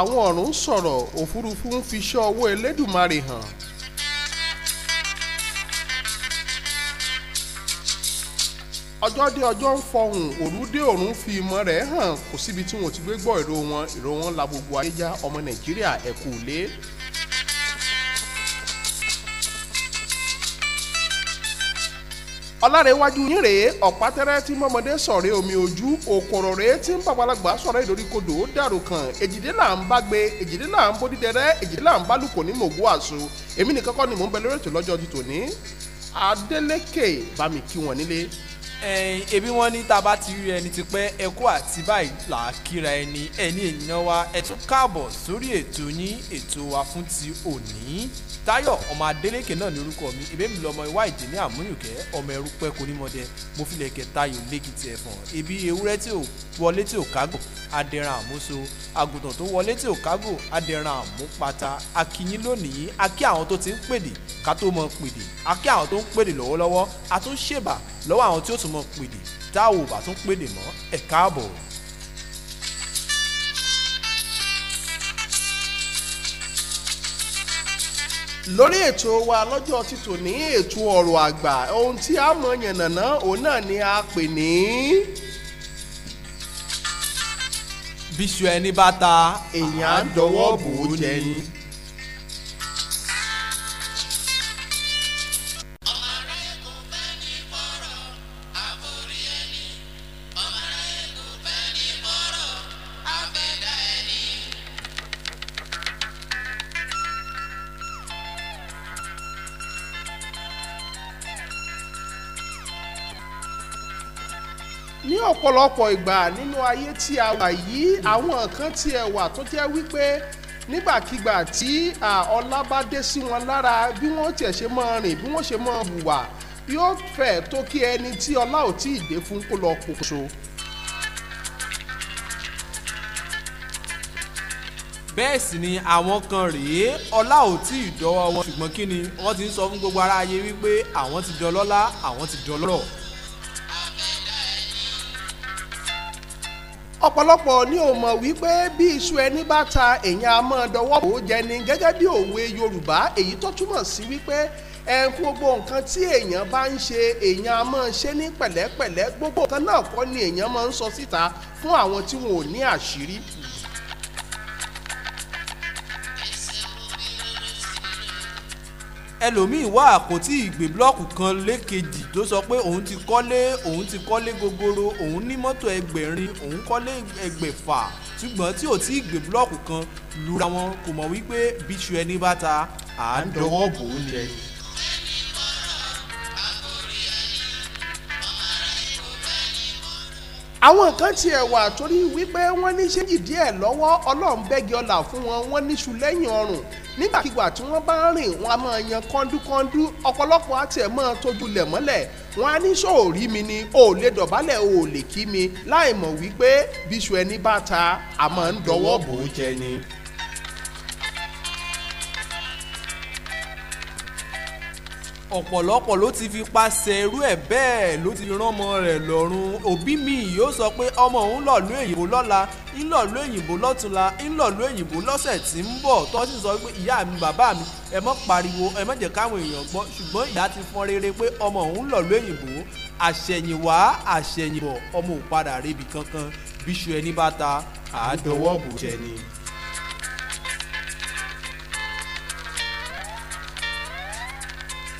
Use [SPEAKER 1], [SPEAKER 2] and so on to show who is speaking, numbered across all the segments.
[SPEAKER 1] àwọn ọ̀run ń sọ̀rọ̀ òfurufú ń fiṣẹ́ ọwọ́ Elédùmarè hàn. ọjọ́ dé ọjọ́ ń fọhùn òru dé òrùn fi ìmọ̀ rẹ̀ hàn kò síbi tí wọn ò ti gbé gbọ́ ìró wọn ìró wọn la gbogbo ayé já ọmọ Nàìjíríà ẹ̀kú lé. ọ̀làrẹ̀wájú yín rèé ọ̀pátẹ́rẹ́ tí mọ́mọdé sọ̀rẹ́ omi ojú òkòrò rèé tí ń bàbálàgbà sọ̀rẹ́ ìdóríkodò dàrú kan èjìdé là ń bá gbé èjìdé là ń bódìdẹ rẹ èjìdé là ń bá lùkò ní mògó àṣù èmi nìkan kọ́ ni mò ń bẹ
[SPEAKER 2] lórí ètò lọ́jọ́ ti tòní Adélékè bá mi kí wọn nílé ẹyin ebi wọn ní tá a bá ti rí ẹni ti pẹ́ ẹkú àti báyìí là á kíra ẹni ẹni ènìyàn wa ẹ Tayo, ọmọ Adélékè náà ní orúkọ mi ìbémi lọmọ ìwá ìdè ní àmúyùkẹ́ ọmọ ẹrú pẹ́ konímọdé mo filẹ̀ kẹ Táyọ̀ lẹ́kìtì ẹ̀fọ̀n ibi ewúrẹ́ tí ò wọlé tí ò kágò adẹran àmúso àgùntàn tó wọlé tí ò kágò adẹran àmúpata akínyín lónìí akí àwọn tó ti ń pèdè ká tó mọ pèdè akí àwọn tó ń pèdè lọ́wọ́lọ́wọ́ a tún àwọn tí ó tún mọ pèdè tá a ò bá tún pèdè mọ́ ẹ̀ káàbọ̀ lórí ètò wa
[SPEAKER 1] lọ́jọ́ títò ní ètò ọ̀rọ̀ àgbà ohun tí a mọ̀ yànnàná òun náà ni a pè
[SPEAKER 2] ní. bíṣu ẹni bá ta èèyàn dọwọ́ bò ó jẹ ni.
[SPEAKER 1] ní ọ̀pọ̀lọpọ̀ ìgbà nínú ayé tí a wà yìí àwọn nǹkan tí ẹ wà tó jẹ́ wípé nígbàkigbà tí ọlá bá dé sí wọn lára bí wọ́n tiẹ̀ ṣe máa rìn bí wọ́n ṣe máa hùwà yóò fẹ́ tó kí ẹni tí ọlá ò tí ì dé fún
[SPEAKER 2] kó lọ pokùnso. bẹ́ẹ̀ sì ni àwọn kan rèé ọlá ò tí ì dọ́wọ́ wọn ṣùgbọ́n kí ni wọ́n ti ń sọ fún gbogbo aráyé wípé àwọn ti dọlọ́lá àwọn ti dọlọ́rọ̀.
[SPEAKER 1] ọ̀pọ̀lọpọ̀ ni ò mọ̀ wípé bí iṣu ẹni bá ta èèyàn a máa dọwọ́ bò ó jẹ ni gẹ́gẹ́ bí òwe Yorùbá èyí tó túmọ̀ sí wípé ẹ ń kó gbogbo nǹkan tí èèyàn bá ń ṣe èèyàn a máa ṣe ní pẹ̀lẹ́pẹ̀lẹ́ gbogbo nǹkan náà kọ́ ni èèyàn máa ń sọ síta fún àwọn tí wọn ò ní àṣírí
[SPEAKER 2] ẹlòmíì wá àpótí ìgbé blọ́ọ̀kù kan lékejì tó sọ pé òun ti kọ́lé òun ti kọ́lé gogoro òun ní mọ́tò ẹgbẹ̀rin òun kọ́lé ẹgbẹ̀fà ṣùgbọ́n tí ò tí ìgbé blọ́ọ̀kù kan lura wọn kò mọ̀ wípé bíṣu ẹni bá ta à ń dọwọ́ bò ó jẹ.
[SPEAKER 1] àwọn kan tiẹ̀ wà torí wípé wọ́n ní ṣéjì díẹ̀ lọ́wọ́ ọlọ́run bẹ́gi ọlà fún wọn wọ́n níṣu lẹ́yìn ọrùn nígbàkigbà tí wọ́n bá ń rìn wọ́n á máa yan kọ́ńdúkọ́ńdú ọ̀pọ̀lọpọ̀ àti ẹ̀ máa tójú lẹ̀ mọ́lẹ̀ wọ́n á ní sòórí mi ni ò lè dọ̀bálẹ̀ ò lè kí mi láì mọ̀ wípé bíṣu ẹni bá ta àmọ́ ń dọwọ́ bò ó jẹ
[SPEAKER 2] ni. ọ̀pọ̀lọpọ̀ ló ti fi paṣẹ irú ẹ̀ bẹ́ẹ̀ ló ti rán ọmọ rẹ̀ lọ́rùn òbí mi yóò sọ pé ọmọ òun lọ̀lú èyìnbó lọ́la ńlọ̀lú èyìnbó lọ́túnla ńlọ̀lú èyìnbó lọ́sẹ̀ tí ń bọ̀ tó sì sọ pé ìyá mi bàbá mi ẹ mọ́ pariwo ẹ mọ́ jẹ́ káwọn èèyàn gbọ́ ṣùgbọ́n ìyá ti fọn rere pé ọmọ òun lọ̀lú èyìnbó àṣẹ̀yìnwá àṣẹ̀yìnbọ̀ ọmọ ò kankan bíṣu ẹni bá ta àádọ́wọ́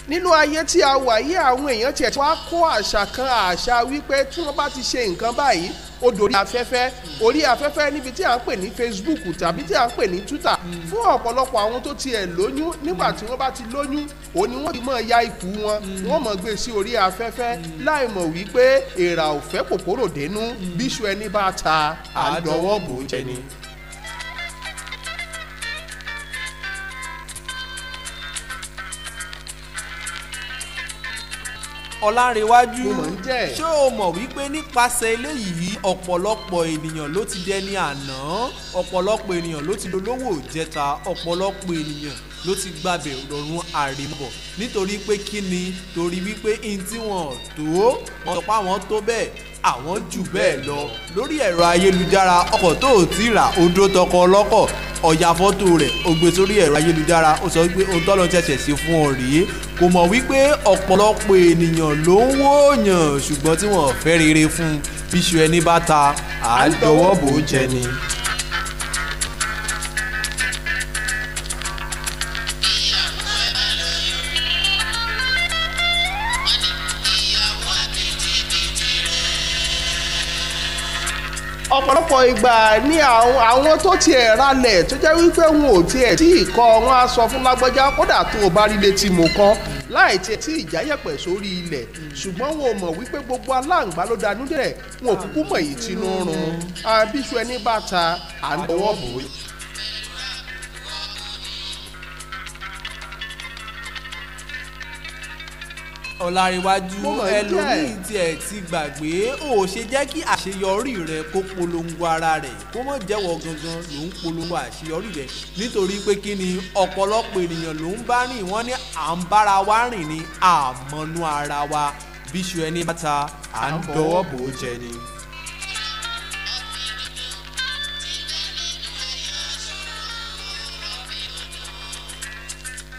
[SPEAKER 1] nínú ayé tí a wà yí àwọn èèyàn tiẹ̀ tí wọ́n á kó àṣà kan àṣà wípé tí wọ́n bá ti ṣe nǹkan báyìí ó dorí afẹ́fẹ́ orí afẹ́fẹ́ níbi tí à ń pè ní Facebook tàbí tí à ń pè ní Twitter fún ọ̀pọ̀lọpọ̀ àwọn tó tiẹ̀ lóyún nígbà tí wọ́n bá ti lóyún òun ni wọ́n ti mọ̀ ya ikú wọn wọ́n mọ̀ gbé sí orí afẹ́fẹ́ láì mọ̀ wípé èèrà ò kòkòrò dénú bíṣu ẹni bá ta àdọ́wọ́ bò jẹ ni.
[SPEAKER 2] ọlárẹ̀wájú ṣé o mọ̀ wípé nípasẹ̀ eléyìí ọ̀pọ̀lọpọ̀ ènìyàn ló ti dẹni àná ọ̀pọ̀lọpọ̀ ènìyàn ló ti dolówó jẹta ọ̀pọ̀lọpọ̀ ènìyàn ló ti gbàbẹ̀ rọrùn àrèmọ̀ nítorí pé kí ni torí wípé ihun wọn tó wọn àwọn tó bẹ́ẹ̀ àwọn jù bẹ́ẹ̀ lọ lórí ẹ̀rọ ayélujára ọkọ̀ tó ò tí ra odó tọkọ ọlọ́kọ̀ ọ̀yà fọ́tò rẹ̀ ó gbé sórí ẹ̀rọ ayélujára ó sọ pé ohun tọ́lọ́ ṣẹ̀ṣẹ̀ sí fún ọ rèé kò mọ̀ wípé ọ̀pọ̀lọpọ̀ ènìyàn ló ń wòyàn ṣùgbọ́n tí wọ́n fẹ́ rere fún iṣu ẹni bá ta à ń dọwọ́ bò ó jẹ ni.
[SPEAKER 1] ọ̀pọ̀lọpọ̀ ìgbà ni àwọn tó tiẹ̀ ralẹ̀ tó jẹ́ wípé wọn ò tiẹ̀ tí ìkọ́ wọn á sọ fún lágbọ́já kódà tó o bá rí létí mo kán láì tiẹ̀ tí ìjáyẹ̀pẹ̀ sórí ilẹ̀ ṣùgbọ́n wọn ò mọ̀ wípé gbogbo aláǹgbá ló danú dẹ̀ wọn ò kúkú mọ̀ èyí tinú run àbíṣu ẹni bàtà à ń bọ̀wọ̀ bòó
[SPEAKER 2] ọ̀làríwájú ẹlòmíì tí ẹ ti gbàgbé ò ṣe jẹ́ kí àṣeyọrí rẹ kó polongo ara rẹ̀ kó mọ̀ jẹ́wọ́ gangan ló ń polongo àṣeyọrí rẹ̀ nítorí pé kí ni ọ̀pọ̀lọpọ̀ ènìyàn ló ń bá rìn wọ́n ní à ń bára wa rìn ní àmọ́nú ara wa bíṣu ẹni bàtà à ń dọwọ́ bò ó jẹ ni.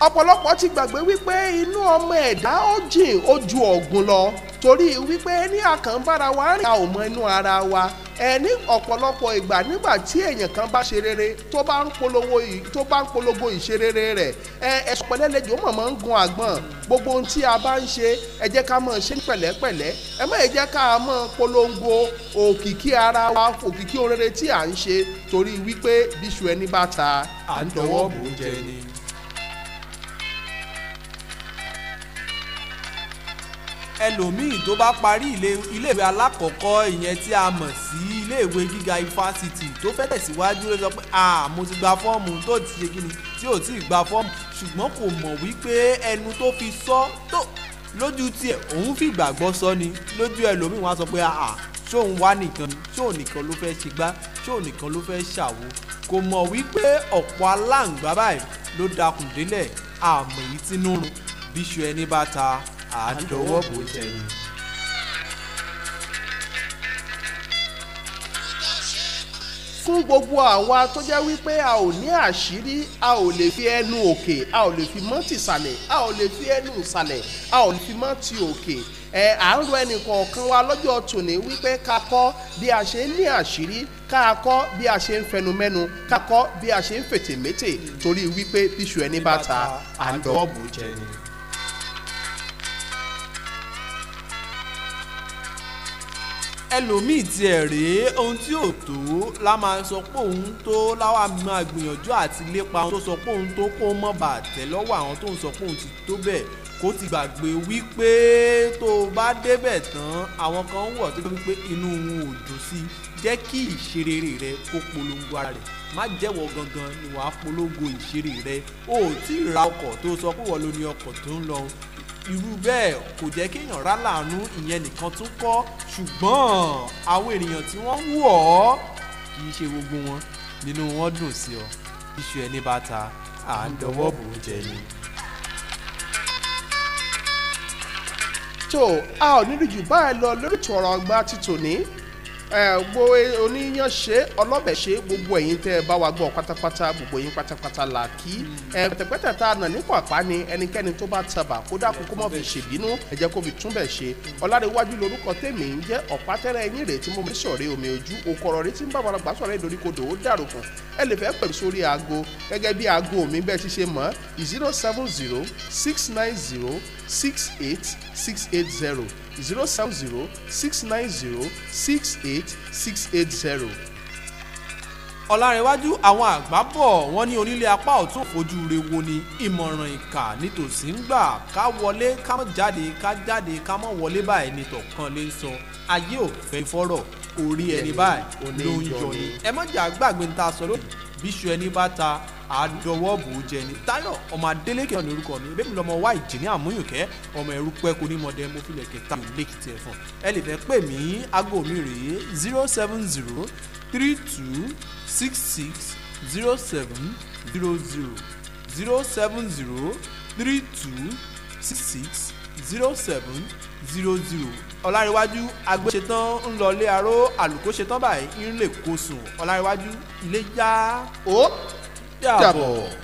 [SPEAKER 1] ọ̀pọ̀lọpọ̀ ti gbàgbé wípé inú ọmọ ẹ̀dá ó jìn ó ju ọ̀gùn lọ torí wípé ní àkànbára wa rìn a ò mọ inú ara wa ẹni ọ̀pọ̀lọpọ̀ ìgbà nígbà tí èèyàn kan bá ṣe rere tó bá ń polówó tó bá ń polówó ìṣerere rẹ̀ ẹ ẹ̀sùn pẹ̀lẹ́lẹ́jọ́ mọ̀ máa ń gun àgbọ̀n gbogbo ohun tí a bá ń ṣe ẹ jẹ́ ká máa ṣe pẹ̀lẹ́pẹ̀lẹ́ ẹ má ẹ jẹ́ ká máa polongo òkìkí ara wa òkìkí orere tí à ń ṣe torí wípé bíṣu ẹni bá ta à ń dọwọ́ bò ó jẹ ni.
[SPEAKER 2] ẹlòmíì tó bá parí iléèwé alákọ̀ọ́kọ́ ìyẹn tí a mọ̀ sí iléèwé gíga ifásitì tó fẹ́ tẹ̀síwájú ló sọ pé ah mo ti gba fọ́ọ̀mù tó ti ṣe kíni tí ò tí ì gba fọ́ọ̀mù ṣùgbọ́n kò mọ̀ wípé ẹnu tó fi sọ tó lójú tiẹ̀ òun fi gbàgbọ́ sọ ni lójú ẹlòmíì wọn á sọ pé ah ṣóun wá nìkan ṣóun nìkan ló fẹ́ ṣe gbá ṣóun nìkan ló fẹ́ ṣàwo kò mọ̀ wípé ọ̀pọ̀ aláǹgbá báyìí ló dakùn délẹ̀ àmọ̀ èyí tínú rún bíṣu ẹni bá ta àdówó bò jẹyìn. fún
[SPEAKER 1] gbogbo àwa tó jẹ́ wípé a ò ní àṣírí a ò lè fi ẹnu òkè a ò lè fi mọ́ ti ìsàlẹ̀ a ò lè fi ẹnu ìsàlẹ̀ a ò lè fi mọ́ ti òkè ẹ à ń rọ ẹnì kọ̀ọ̀kan wa lọ́jọ́ tòní wípé ká kọ́ bí a ṣe ń ní àṣírí ká kọ́ bí a ṣe ń fẹnumẹ́nu ká kọ́ bí a ṣe ń fètèmétè torí wípé bíṣu ẹni bá ta àdọ́ọ̀bù jẹ ni.
[SPEAKER 2] ẹlòmíì tiẹ̀ rèé ohun tí ò tó la máa sọ pé òun tó láwa máa gbìyànjú àti lépa ohun tó sọ pé òun tó kó mọ́ bàtẹ́ lọ́wọ́ àwọn tó ń sọ pé òun ti tó bẹ́ẹ̀ kó ti gbàgbé wípé tó o bá débẹ̀ tán àwọn kan wọ̀ tó wípé inú òun ò dùn sí jẹ́ kí ìṣerere rẹ kó polongo ara rẹ̀ má jẹ́wọ́ gangan ni wàá polongo ìṣeré rẹ o ò tí ì ra ọkọ̀ tó sọ pé wọ́n ló ní ọkọ̀ tó ń lọ irú bẹ́ẹ̀ kò jẹ́ kéèyàn rá láàánú ìyẹn nìkan tó kọ́ ṣùgbọ́n àwọn ènìyàn tí wọ́n wù ọ́ kì í ṣe gbogbo wọn nínú wọn dùn sí ọ iṣu ẹni bá ta à ń dọwọ́ bò ó jẹ ni.
[SPEAKER 1] tó a ò nílùú jù báyìí lọ lórí ìtọ̀rọ̀ ọgbà ti tòní gbogbo oníyanṣe ọlọ́bẹ̀ṣe gbogbo ẹ̀yin tẹ́ ẹ bá wa gbọ́ pátápátá gbogbo yín pátápátá là kí pẹ̀tẹ̀pẹ̀tẹ̀ tá a nà ní pàpà ni ẹnikẹ́ni tó bá tabà kó dákun kó mọ̀ fi ṣèbínú ẹ jẹ́ kó fi túnbẹ̀ ṣe ọ̀làdéwájú lorúkọ tèmi ń jẹ́ ọ̀pátẹ́rẹ́ ẹ̀yìn rè tí mo fi sọ̀rẹ́ omi ojú okòrò rí tí ń bá wọn gbà sọ̀rẹ́ ìdóríkodò ó dàrú kù ẹ lè fẹ́ pè mí sórí aago gẹ́gẹ́ bí zero seven zero six nine zero six eight six eight zero Zero zero seven six 070
[SPEAKER 2] 690 68680. ọ̀làrẹ̀wájú àwọn àgbà bọ̀ wọ́n ní onílé apá ọ̀tún fojú re wo ni ìmọ̀ràn ìkà nítòsí ń gbà ká wọlé ká mọ̀ jáde ká jáde ká mọ̀ wọlé báyìí ní tọ̀kan lè sọ ayé ò fẹ́ fọ́rọ̀ orí ẹni báyìí ló ń yọ ni ẹ mọ̀jà gbàgbé ń ta sọ ló bíṣu ẹni bá ta àjọwọ́ bò ó jẹ ni táyọ̀ ọmọ adélékè náà ní mi ebí mi lọ́mọ wá ìjìní àmúyùnkẹ́ ọmọ ẹ̀rú pẹ́kú ní mọ̀dẹ́ mo filẹ̀ kẹta mi lẹ́kìtì ẹ̀fọn ẹ lè fẹ́ pè mí aago mi rèé zero seven zero three two six six zero seven zero zero zero seven zero three two six six zero seven zero zero ọ̀làríwájú agbéṣetán ń aró àlùkò ṣetán báyìí ń ọ̀làríwájú ilé já o. Oh. Double. Double.